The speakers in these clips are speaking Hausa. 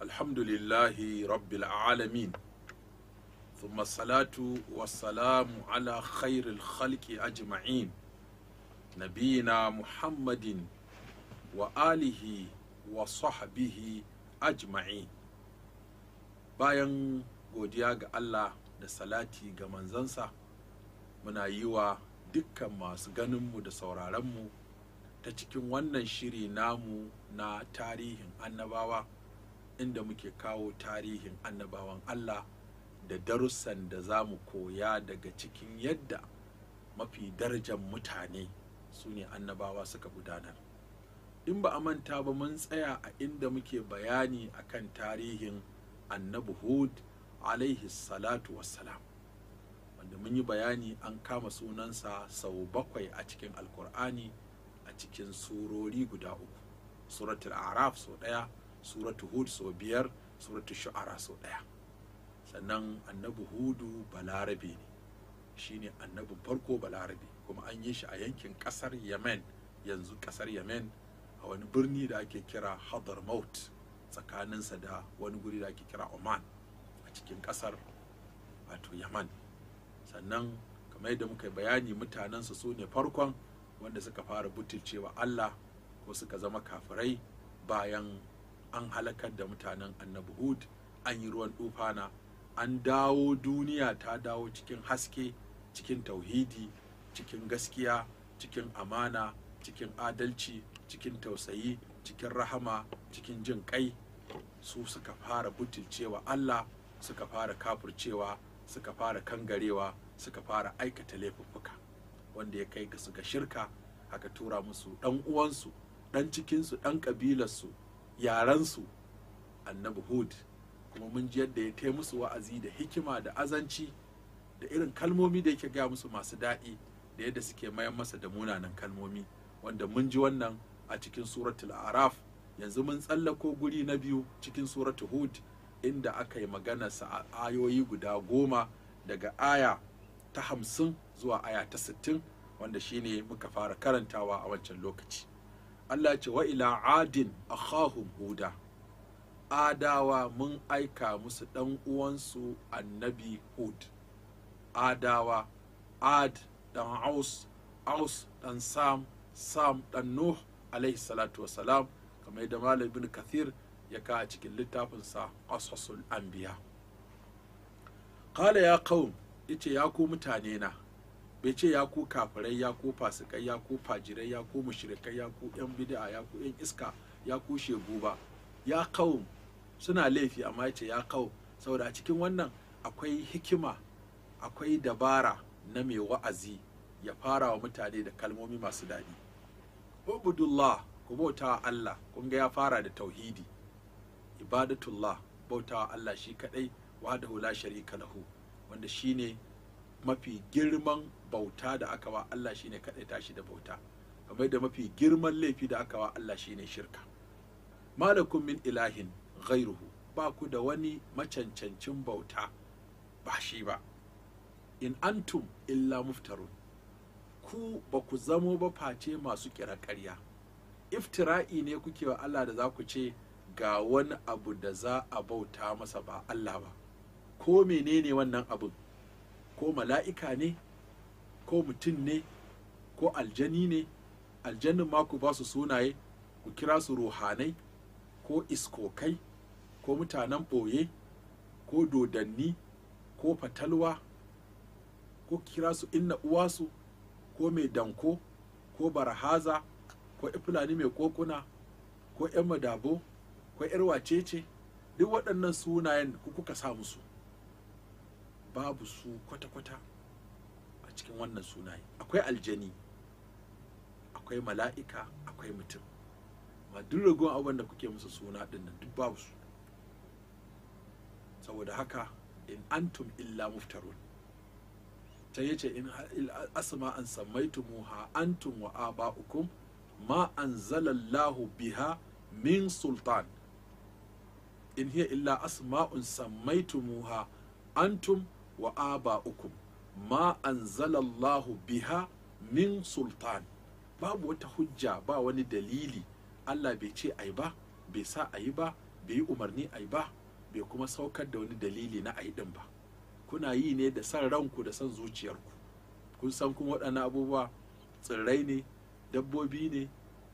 alhamdulillahi rabbil alamin ثم الصلاة والسلام على خير الخلق أجمعين نبينا محمد وآله وصحبه أجمعين bayan godiya ga Allah da salati ga manzansa muna yi wa dukkan masu ganinmu da sauraronmu ta cikin wannan shiri namu na tarihin annabawa inda muke kawo tarihin annabawan Allah da darussan da za mu koya daga cikin yadda mafi darajar mutane su ne annabawa suka gudanar in ba a manta ba mun tsaya a inda muke bayani a kan tarihin annabi hud alaihi salatu wassalam wanda mun yi bayani an kama sunansa sau bakwai a cikin alkur'ani a cikin surori guda uku suratul araf sau ɗaya suratu hud sau biyar suratu shu'ara sau ɗaya sannan annabi hudu balarabe ne shine annabi farko balarabe kuma an yi shi a yankin ƙasar yemen yanzu ƙasar yemen a wani birni da ake kira hadramaut tsakaninsa da wani guri da ake kira oman a cikin ƙasar wato yaman sannan kamar yadda muka bayani mutanensa su ne farkon wanda suka fara butulcewa allah ko suka zama kafirai bayan an halakar da mutanen annabi hud an yi ruwan tufana an dawo duniya ta dawo cikin haske cikin tauhidi cikin gaskiya cikin amana cikin adalci cikin tausayi cikin rahama cikin jin kai su suka fara butulcewa allah suka fara kafurcewa suka fara kangarewa suka fara aikata laifuffuka wanda ya kai ga suka shirka aka tura musu dan uwansu ɗan cikinsu ɗan kabilarsu. yaransu annabi hud kuma mun ji yadda ya kai musu wa'azi da hikima da azanci da irin kalmomi da yake gaya musu masu daɗi da yadda suke mayan masa da munanan kalmomi wanda mun ji wannan a cikin suratul araf yanzu mun tsallako guri na biyu cikin suratul hud inda aka yi magana sa ayoyi guda goma daga aya ta hamsin zuwa aya ta sittin wanda shine muka fara karantawa a wancan lokaci Allah ce wa ila adin akhahum huda adawa mun aika musu ɗan uwansu annabi hud adawa ad ɗan aus aus ɗan sam sam ɗan nuh alaihi salatu wasalam kamar yadda malam ibn kathir ya ka a cikin littafinsa qasasul anbiya qala ya qaum yace ya ku mutane na bai ce ya ku kafirai ya ku fasikai ya ku fajirai ya ku mushrikai ya ku yan bid'a ya ku yan iska ya ku shegu ba ya kaum suna laifi amma ya ce ya kaum saboda a cikin wannan akwai hikima akwai dabara na mai wa'azi ya fara wa mutane da kalmomi masu daɗi ubudullah ku bauta Allah kun ga ya fara da tauhidi ibadatullah bauta Allah shi kadai wahdahu la sharika lahu wanda shine mafi girman bauta da aka wa Allah shi ne kaɗai tashi da bauta kamar da mafi girman laifi da aka wa Allah shi ne shirka Malakun min ilahin ghairuhu ba ku da wani macancancin bauta ba shi ba in antum illa muftarun ku ba ku zamo ba face masu kira ƙarya iftira'i ne kuke wa Allah da za ku ce ga wani abu da za a bauta masa ba Allah ba ko menene wannan abin ko mala'ika ne ko mutum ne ko aljani ne aljannin ma ku ba su sunaye ku kira su ruhanai ko iskokai ko mutanen ɓoye ko dodanni ko fatalwa ko kira su inna uwasu ko mai danko ko barhaza ko ifilani mai kokuna ko 'yan madabo ko 'yar wacece duk waɗannan sunayen ku kuka sa musu babu su kwata-kwata cikin wannan sunaye akwai aljani akwai mala'ika akwai mutum ma duk ragon abin da kuke musu suna din nan duk babu su saboda haka in antum illa muftarun ta yace in asma an sammaitumuha antum wa aba'ukum ma anzalallahu biha min sultan in hiya illa asma'un sammaitumuha antum wa aba'ukum ma anzalallahu biha min sultan babu wata hujja ba wani dalili Allah bai ce ai ba bai sa ayi ba bai yi umarni ai ba bai kuma saukar da wani dalili na ai din ba kuna yi ne da san ranku da san zuciyarku kun san kuma waɗannan abubuwa tsirrai ne dabbobi ne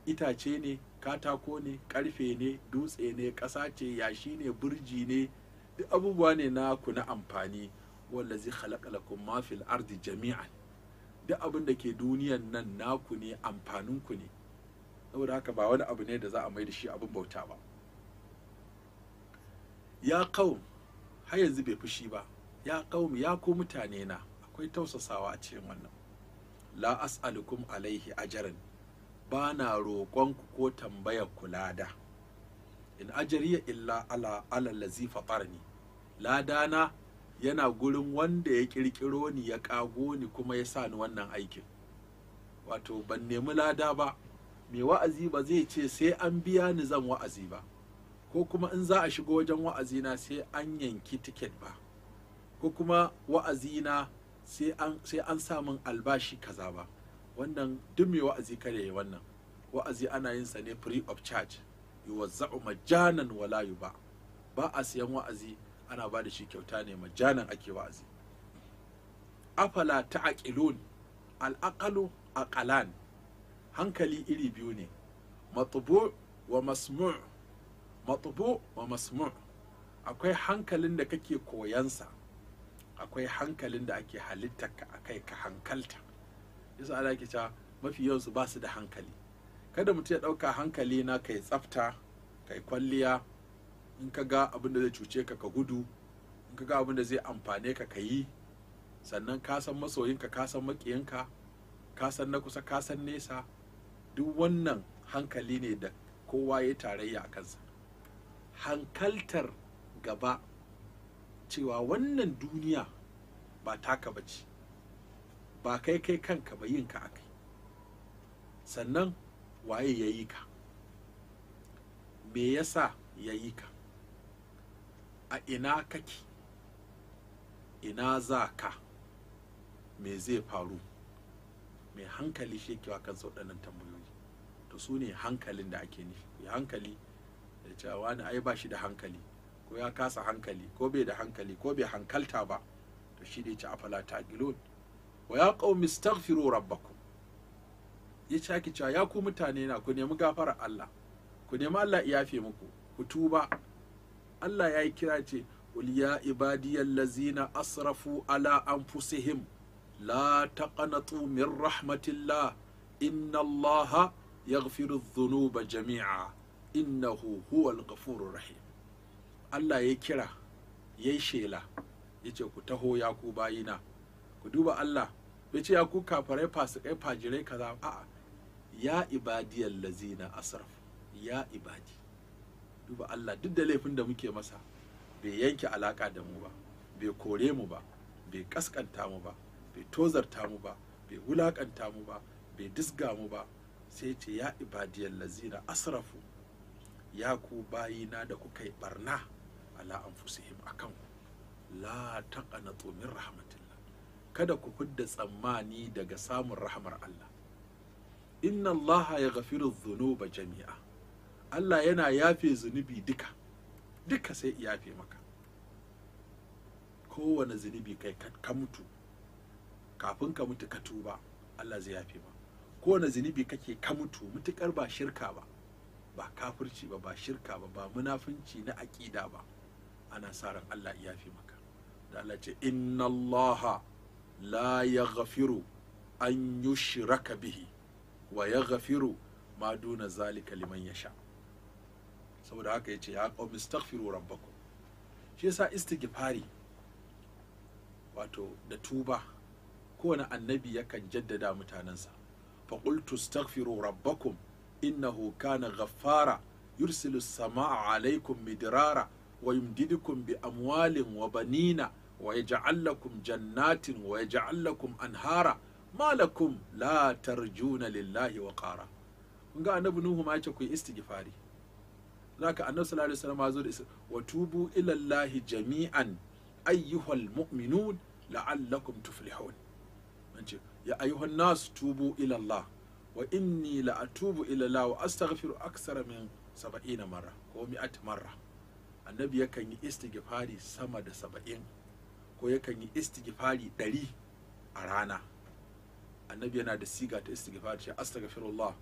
itace ne katako ne karfe ne dutse ne ƙasa ce yashi ne burji ne duk abubuwa ne na ku na amfani wallazi khalaqa lakum ma fil ardi jami'an duk abin da ke duniyan nan naku ne amfanin ne saboda haka ba wani abu ne da za a mai da shi abin bauta ba ya qaum har yanzu bai fushi ba ya qaum ya ku mutane na akwai tausasawa a cikin wannan la as'alukum alaihi ajran ba na roƙon ku ko tambayar ku lada in ajariya illa ala lazifa lazi fatarni ladana yana gurin wanda ya kirkiro ni ya kago ni kuma ya sa ni wannan aikin wato ban nemi lada ba mai wa'azi ba zai ce sai an biya ni zan wa'azi ba ko kuma in za a shigo wajen wa'azina sai an yanki tiket ba ko kuma wa'azina sai an samun albashi kaza ba wannan duk mai wa'azi kare ya wannan wa'azi ana yin sa ne free of charge yuwazza'u majanan wala ba ba a siyan wa'azi ana ba da shi kyauta ne majanan ake wa'azi afala ta al al'aqalu aqalan hankali iri biyu ne matbu wa masmu' matbu wa masmu' akwai hankalin da kake koyansa akwai hankalin da ake halittarka akai ka hankalta yasa ana ke cewa mafi yawansu ba su da hankali kada mutum ya ɗauka hankali na kai tsafta kai kwalliya in ka ga abin da zai cuce ka ka gudu in ka ga abin da zai amfane ka ka yi sannan ka san masoyinka ka san makiyinka ka san na kusa ka san nesa duk wannan hankali ne da kowa ya tarayya a kansa hankaltar gaba cewa wannan duniya ba taka ba ce ba kai kai kanka ba yinka a kai sannan waye ya yi ka me yasa ya yi ka a ina kake ina za ka me zai faru mai hankali shi yake kan sau ɗanan tambayoyi to su ne hankalin da ake nufi ya hankali da cewa na ai ba shi da hankali ko ya kasa hankali ko bai da hankali ko bai hankalta ba to shi ne ce afala gilon? wa ya qaumi astaghfiru rabbakum ya ci ake cewa ya ku mutane na ku nemi gafara Allah ku nemi Allah ya yafe muku ku tuba Allah ya yi kira ce qul ya ibadiyal lazina asrafu ala anfusihim la taqanatu min rahmatillah inna Allah yaghfiru dhunuba jami'a innahu huwal ghafurur rahim Allah ya kira ya yi shela ya ce ku taho ya ku bayina ku duba Allah bai ce ya ku kafarai fasikai fajirai kaza a'a ya ibadiyal lazina asraf ya ibadi duba Allah duk da laifin da muke masa bai yanke alaka da mu ba bai kore mu ba bai kaskanta mu ba bai tozarta mu ba bai wulakanta mu ba bai disga mu ba sai ce ya ibadiyar lazina asrafu ya ku bayina da kuka yi barna ala anfusihim akan ku la taqanatu min rahmatillah kada ku fidda tsammani daga samun rahmar Allah inna Allah ya gafiru dhunuba jami'a Allah yana yafe zunubi duka duka sai yafe maka kowane zunubi kai ka mutu kafin ka mutu ka tuba Allah zai yafe ma kowane zunubi kake ka mutu mutukar ba shirka ba ba kafirci ba ba shirka ba ba munafunci na aƙida ba ana sa ran Allah ya yafe maka da Allah ce inna Allah la yaghfiru an yushraka bihi wa yaghfiru ma duna zalika liman yasha' saboda haka ya ce ya qaumi astaghfiru rabbakum shi yasa istighfari wato da tuba kowane annabi yakan jaddada mutanensa fa qultu astaghfiru rabbakum innahu kana ghaffara yursilu samaa alaikum Midirara. wa yumdidukum bi amwalin wa banina wa yaj'al lakum jannatin wa yaj'al lakum anhara malakum la juna lillahi wa qara kun ga annabi nuhu ma yace ku istighfari zaka annabi sallallahu alaihi wasallam zo da isa wa tubu ila llahi jami'an ayyuhal mu'minun la'allakum tuflihun ce ya ayyuhan nas tubu ila llah wa inni la atubu ila llah wa astaghfiru aksara min 70 marra ko mi'at marra annabi yakan yi istighfari sama da 70 ko yakan yi istighfari 100 a rana annabi yana da siga ta istighfari ce astaghfirullah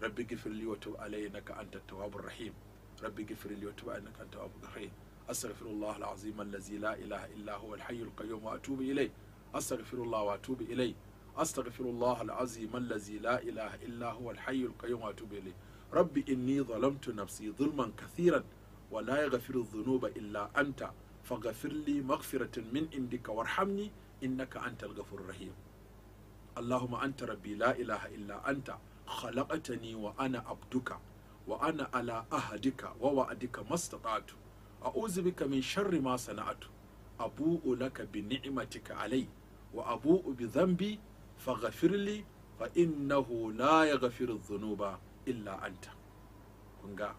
rabbi ghfirli wa tub alayya innaka antat tawwabur rahim rabbi gifir li wa tuba innaka antal wahhab rahim astaghfirullah alazim allazi la ilaha illa huwa alhayyul qayyum wa atubu ilay astaghfirullah wa atubu ilay astaghfirullah alazim allazi la ilaha illa huwa alhayyul qayyum wa atubu ilay rabbi inni zalamtu nafsi zulman kathiran wa la yaghfiru dhunuba illa anta faghfir li maghfiratan min indika warhamni innaka antal rahim اللهم أنت ربي لا إله إلا أنت خلقتني وأنا عبدك wa ana ala ahadika wa wa'adika a a'udhu kamin min sharri ma sana'tu abu'u laka bi ni'matika alai wa abu'u bi dhanbi faghfirli fa innahu la yaghfiru dhunuba illa anta kun ga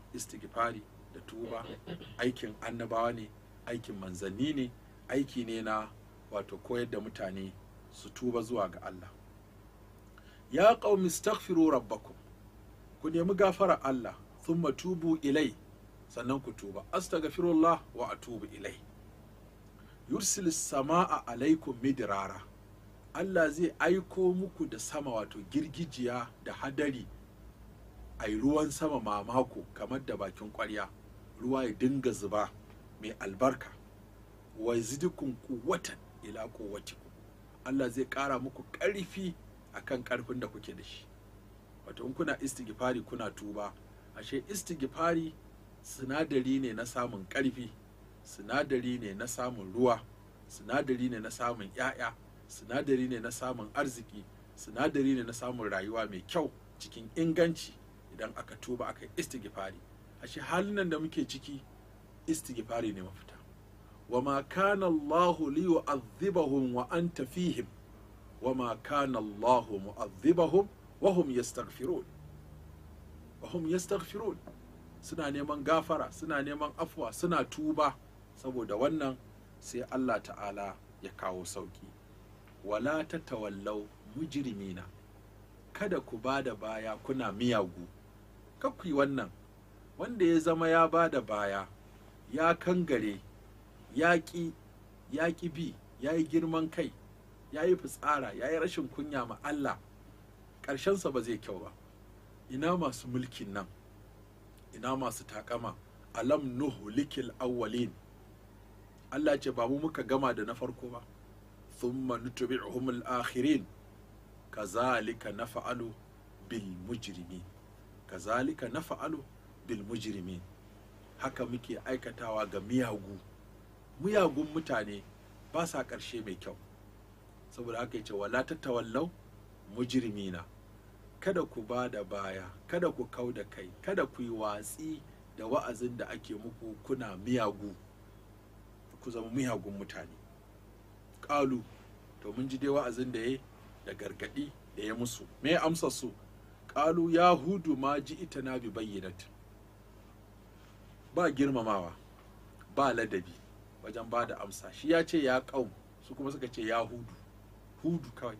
da tuba aikin annabawa ne aikin manzanni ne aiki ne na wato koyar da mutane su tuba zuwa ga Allah ya qaumi astaghfiru rabbakum ku nemi gafara Allah thumma tubu ilai sannan ku tuba astaghfirullah wa atubu ilai yursil sama'a alaikum midrara Allah zai aiko muku da sama wato girgijiya da hadari a ruwan sama mamako kamar da bakin kwarya ruwa ya dinga zuba mai albarka wa zidikun kuwatan ila kuwatiku Allah zai ƙara muku ƙarfi akan ƙarfin da kuke da shi wato in kuna istighfari kuna tuba ashe istigifari sinadari ne na samun ƙarfi sinadari ne na samun ruwa sinadari ne na samun 'ya'ya sinadari ne na samun arziki sinadari ne na samun rayuwa mai kyau cikin inganci idan aka tuba aka istigifari ashe halin nan da muke ciki istigifari ne mafita wa ma kana Allah li yu'adhibahum wa anta fihim wa ma kana Allah mu'adhibahum wa hum yastaghfirun wahum yastaghfirun suna neman gafara suna neman afwa suna tuba saboda wannan sai Allah ta'ala ya kawo sauki wala tatawallau mujrimina kada ku ba da baya kuna miyagu kakku yi wannan wanda ya zama ya ba da baya ya kangare yaƙi yaƙi bi ya yi girman kai ya yi fitsara ya yi rashin kunya ma Allah ƙarshensa ba zai kyau ba ina masu mulkin nan ina masu takama alam nuhu likil awwalin Allah ce ba mu muka gama da na farko ba thumma nutbi'uhum al-akhirin kazalika naf'alu bil mujrimin kazalika naf'alu bil mujrimin haka muke aikatawa ga miyagu miyagun mutane ba sa ƙarshe mai kyau saboda haka ya ce wala tattawallau mujrimina kada ku ba da baya kada ku kau da kai kada ku yi watsi da wa'azin da ake muku kuna miyagu ku zama miyagun mutane ƙalu to mun ji dai wa'azin da ya da gargaɗi da ya musu me amsa su ƙalu ya hudu ma ji ita na bi bayyanat ba girmamawa ba ladabi wajen ba da amsa shi ya ce ya kau, su kuma suka ce ya hudu hudu kawai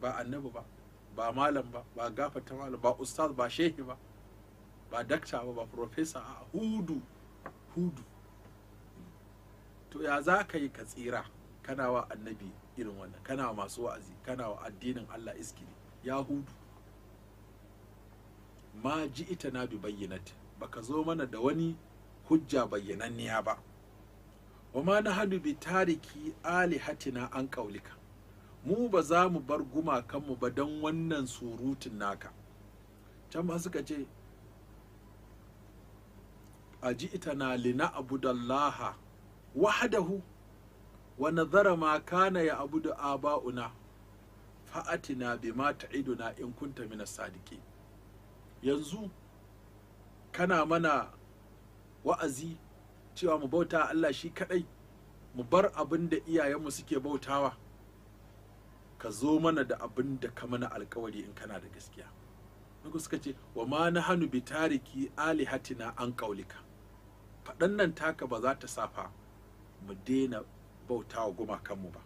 ba annabi ba ba malam ba ba gafata malam ba ustaz ba shehi ba ba dakta ba ba profesa a hudu hudu to ya za ka yi ka tsira kana wa annabi irin wannan kana wa masu wa'azi kana wa addinin Allah iskili ya hudu ma ji ita na bi bayyanat baka zo mana da wani hujja bayyananniya ba wa ma na hadu bi tariki alihatina an kaulika mu ba za mu bar gumakanmu ba don wannan surutun naka can ma suka ce a ji na lina abudallaha wahadahu wa nazara ma kana ya abudu aba'una fa'atina bima ta'iduna in kunta mina sadiki yanzu kana mana wa'azi cewa mu bauta Allah shi kadai mu bar abin da iyayenmu suke bautawa ka zo mana da abin da ka mana alkawari in kana da gaskiya nuku suka ce wa ma na hannu bi tariki Ali hatina an kaulika faɗan nan taka ba za ta safa mu daina bautawa gumakanmu ba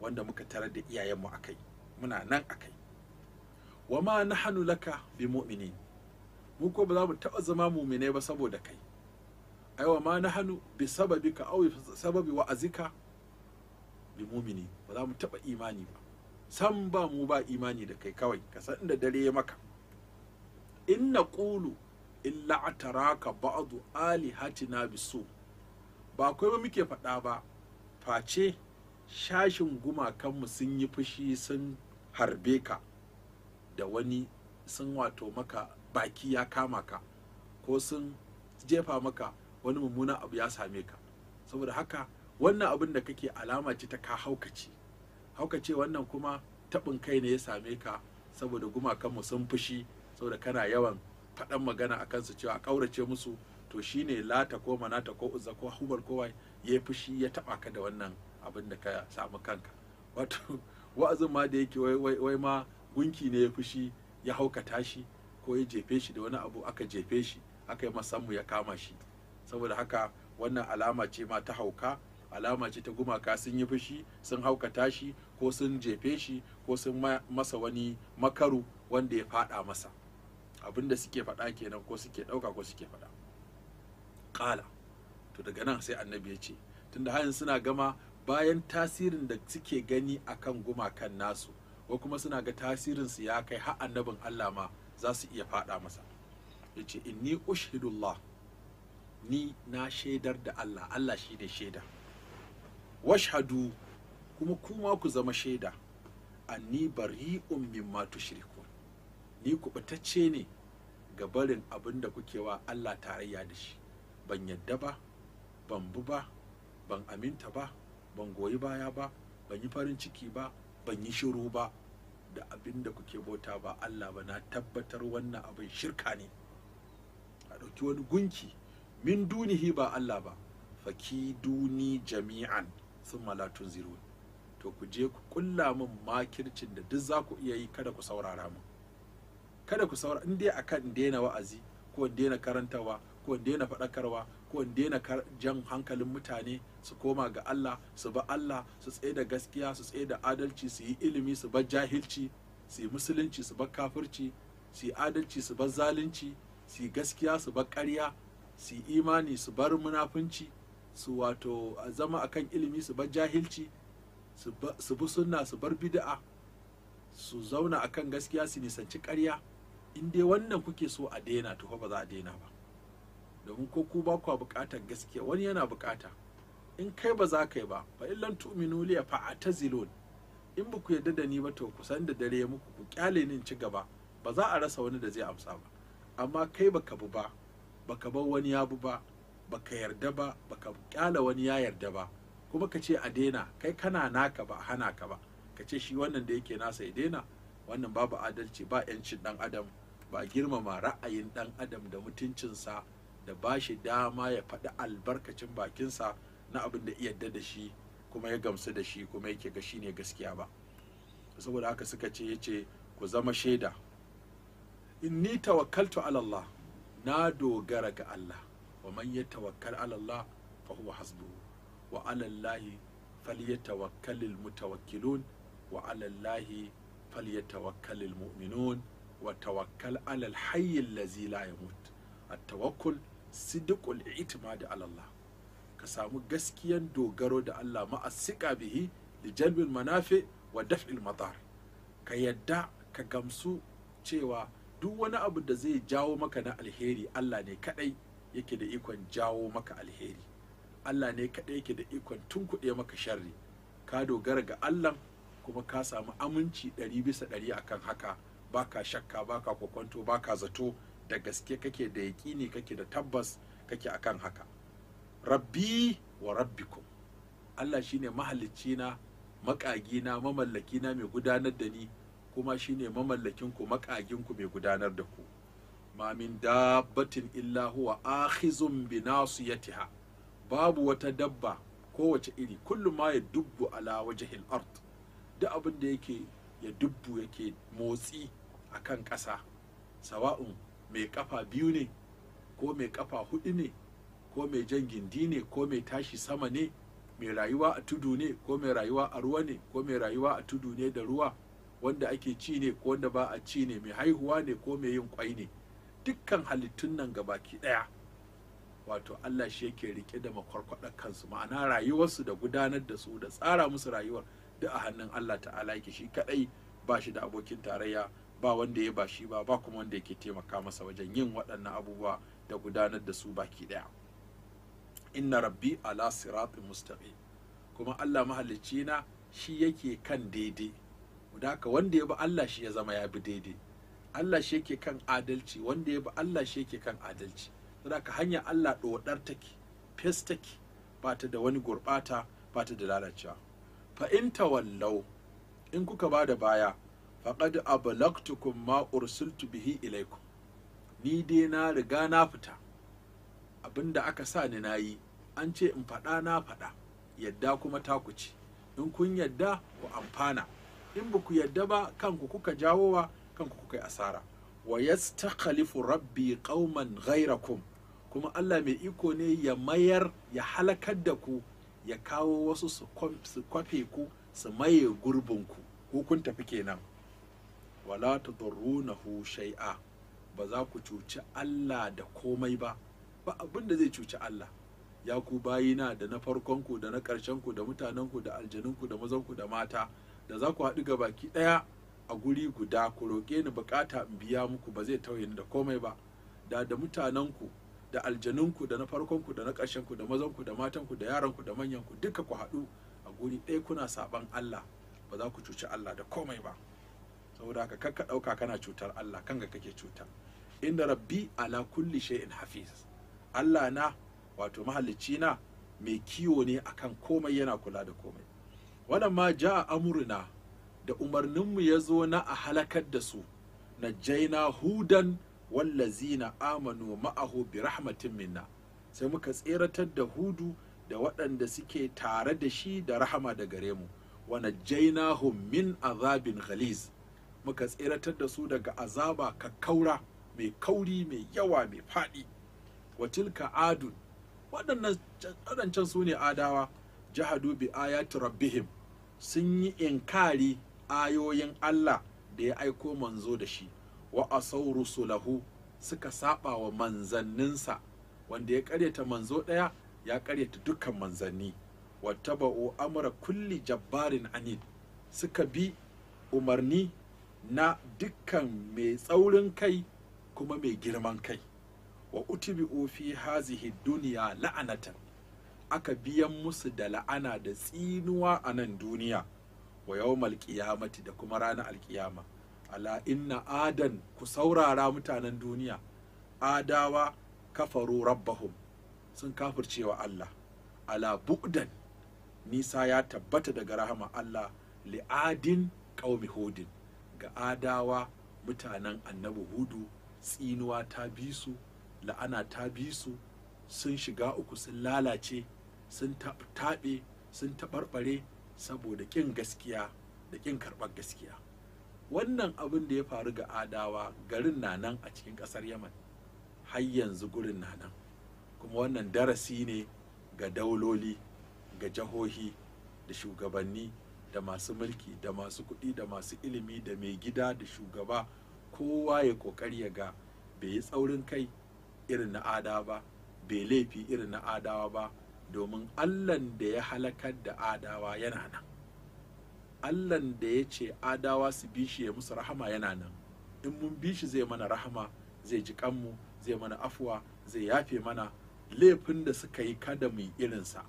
wanda muka tarar da iyayenmu a kai muna nan a kai wa ma na hannu laka bi mu'minin mu ko ba za mu taɓa zama muminai ba saboda kai ai wa ma na hannu bi sababi ka au sababi wa wa'azika bi mumini ba za mu taɓa imani ba san ba mu ba imani da kai kawai ka san da dare ya maka in na ƙulu illa a taraka ba'adu alihatina bisu ba kai ba muke faɗa ba face shashin gumakanmu sun yi fushi sun harbe ka da wani sun wato maka baki ya kama ka ko sun jefa maka wani mummunan abu ya same ka saboda haka wannan abin da kake alama ce ta ka haukace hauka ce wannan kuma taɓin kai ne ya same ka saboda gumakanmu sun fushi saboda kana yawan faɗan magana a kansu cewa a ƙaurace musu to shine lata ko manata ko uzza ko hubal ko ya fushi ya taɓa ka da wannan abin da ka samu kanka wato wa'azin ma da yake wai ma gunki ne ya fushi ya haukata shi ko ya jefe shi da wani abu aka jefe shi aka yi masammu ya kama shi saboda haka wannan alama ce ma ta hauka alama ce ta gumaka sun yi fushi sun haukata shi ko sun jefe shi ko sun masa wani makaru wanda ya faɗa masa abinda da suke faɗa kenan ko suke ɗauka ko suke faɗa ƙala to daga nan sai annabi ya ce tunda hayan suna gama bayan tasirin da suke gani a kan gumakan nasu ko kuma suna ga tasirin su ya kai har annabin Allah ma za su iya faɗa masa yace inni ushhidullah ni na shaidar da Allah Allah shi ne shaida washhadu kuma kuma ku zama shaida anni bari'un mimma tushrikun ni kubatacce ne ga barin abin da kuke wa Allah tarayya da shi ban yadda ba ban bu ba ban aminta ba ban goyi baya ba ban yi farin ciki ba ban yi shiru ba da abin da kuke bota ba Allah ba na tabbatar wannan abin shirka ne a ɗauki wani gunki min dunihi ba Allah ba faki duni jami'an sun malatun tunzirun to ku je ku kulla min makircin da duk za ku iya yi kada ku saurara min kada ku saurara in dai akan daina wa'azi ko in daina karantawa ko in daina faɗakarwa ko in daina jan hankalin mutane su koma ga Allah su ba Allah su tsaye da gaskiya su tsaye da adalci su yi ilimi su ba jahilci su yi musulunci su ba kafirci su yi adalci su bar zalunci su yi gaskiya su bar ƙarya su yi imani su bar munafunci su wato zama akan ilimi su bar jahilci su bi sunna su bar bid'a su zauna akan gaskiya su nisanci ƙarya in dai wannan kuke so a daina to ba za a daina ba domin ko ku ba kwa buƙatar gaskiya wani yana buƙata in kai ba za ka yi ba fa illan tu'minu li fa'tazilun in ba ku yarda da ni ba to ku san da dare muku ku kyale ni ci gaba ba za a rasa wani da zai amsa ba amma kai baka bu ba baka bar wani ya bu ba baka yarda ba baka kyala wani ya yarda ba kuma ka ce a daina kai kana naka ba hana ka ba ka ce shi wannan da yake nasa ya daina wannan babu adalci ba yancin dan adam ba girmama ra'ayin dan adam da mutuncinsa da ba shi dama ya faɗi albarkacin bakinsa na abin da iya da shi kuma ya gamsu da shi kuma yake ga shi ne gaskiya ba saboda haka suka ce ya ce ku zama shaida inni tawakkaltu ala Allah na dogara ga Allah wa man yatawakkal ala Allah fa wa ala Allah falyatawakkalul mutawakkilun wa ala Allah falyatawakkalul mu'minun wa tawakkul sidqul i'timad ala ka samu gaskiyan dogaro da Allah ma'asika bihi wa matar ka yadda ka gamsu cewa duk wani abu da zai jawo maka na alheri Allah ne kadai yake da ikon jawo maka alheri Allah ne kaɗai yake da ikon tunkuɗe maka sharri ka dogara ga Allah kuma ka samu aminci ɗari bisa ɗari akan haka baka shakka baka kwakwanto baka zato da gaske kake da yaƙini kake da tabbas kake akan haka rabbi wa rabbikum Allah shine mahalicci na makagi na mamallaki na mai gudanar da ni kuma shine mamallakin ku makagin ku mai gudanar da ku ma min dabbatin illa huwa akhizun bi nasiyatiha babu wata dabba kowace iri kullum ma ya dubbu ala wajhil ard duk abin da yake ya dubbu yake motsi akan ƙasa sawa'un mai kafa biyu ne ko mai kafa hudu ne ko mai jan gindi ne ko mai tashi sama ne mai rayuwa a tudu ne ko mai rayuwa a ruwa ne ko mai rayuwa a tudu ne da ruwa wanda ake ci ne ko wanda ba a ci ne mai haihuwa ne ko mai yin kwai ne dukkan halittun nan baki ɗaya wato Allah shi yake rike da makwarkwaɗa kansu ma'ana rayuwarsu da gudanar da su da tsara musu rayuwar da a hannun Allah ta'ala yake shi kaɗai ba shi da abokin tarayya ba wanda ya ba shi ba ba kuma wanda yake taimaka masa wajen yin waɗannan abubuwa da gudanar da su baki ɗaya inna rabbi ala siratin mustaqim kuma Allah mahalicci na shi yake kan daidai da haka wanda ya bi Allah shi ya zama ya bi daidai Allah shi yake kan adalci wanda ya bi Allah shi yake kan adalci saboda hanyar Allah ɗoɗar take fes take ba ta da wani gurɓata ba ta da lalacewa fa in tawallau in kuka ba da baya qad ablaqtukum ma ursiltu bihi ilaikum ni dai na riga na fita abinda aka sa ni nayi an ce in faɗa na faɗa yadda kuma ta ku ci in kun yadda ku amfana in ba ku yadda ba kanku kuka jawowa kanku kuka yi asara wa yastakhlifu rabbi qauman ghayrakum kuma Allah mai iko ne ya mayar ya halakar da ku ya kawo wasu su kwafe ku su maye gurbin ku kun tafi kenan wala tudurrunahu shay'a ba za ku cuci Allah da komai ba ba abin da zai cuci Allah ya ku bayina da na farkonku da na ku da mutanenku da ku da mazan ku da mata da za ku haɗu ga baki ɗaya a guri guda ku roƙe ni bukata in biya muku ba zai tauye ni da komai ba da da mutanenku da aljanunku da na farkonku da na ƙarshenku da mazanku da matanku da yaranku da manyanku duka ku haɗu a guri ɗaya kuna saɓan Allah ba za ku cuci Allah da komai ba saboda haka ka ɗauka kana cutar Allah kan ga kake cuta inda rabbi ala kulli shay'in hafiz Allah na wato mahalicci na mai kiwo ne akan komai yana kula da komai wannan ma ja amurina da umarninmu ya zo na a halakar da su na jaina hudan wallazina amanu ma'ahu bi rahmatin minna sai muka tseratar da hudu da waɗanda suke tare da shi da rahama da gare mu wa jaina min azabin ghaliz muka tseratar da su daga azaba kakkaura mai kauri mai yawa mai faɗi wa tilka adun waɗannan can su ne adawa jahadu bi ayati rabbihim sun yi inkari ayoyin Allah da ya aiko manzo da shi wa asau rusulahu suka saba wa manzanninsa wanda ya karyata manzo ɗaya ya karyata dukkan manzanni wattaba'u amra kulli jabbarin anid suka bi umarni na dukkan mai tsaurin kai kuma mai girman kai wa utibi fi hazihi duniya la'anatan aka biyan musu da la'ana da tsinuwa a nan duniya wa yau qiyamati da kuma rana alkiyama ala inna adan ku saurara mutanen duniya adawa kafaru rabbahum sun kafircewa Allah ala bu'dan nisa ya tabbata daga rahama Allah li'adin qaumi hudin ga adawa mutanen annabi hudu tsinuwa ta bisu. su la'ana ta bi sun shiga uku sun lalace sun taɓe sun taɓarɓare saboda ƙin gaskiya da ƙin karɓar gaskiya wannan abin da ya faru ga adawa garin na nan a cikin ƙasar yaman har yanzu gurin na nan kuma wannan darasi ne ga dauloli ga jahohi da shugabanni da masu mulki da masu kuɗi da masu ilimi da mai gida da shugaba kowa ya ƙoƙari ya ga bai yi tsaurin kai irin na adawa ba bai laifi irin na adawa ba domin allan da ya halakar da adawa yana nan allan da ya ce adawa su bi shi ya musu rahama yana nan in mun bi shi zai mana rahama zai ji kanmu zai mana afuwa zai yafe mana laifin da suka yi kada mu irinsa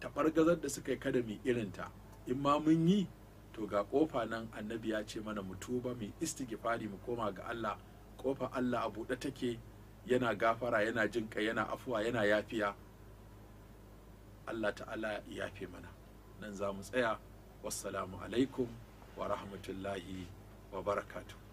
gazar da suka yi kada mu irinta in ma mun yi to ga kofa nan annabi ya ce mana mu tuba mu istighfari mu koma ga Allah kofa Allah a buɗe take yana gafara yana jin kai yana afuwa yana yafiya Allah ta'ala ya fi mana nan za mu tsaya wassalamu alaikum wa rahmatullahi wa barakatuh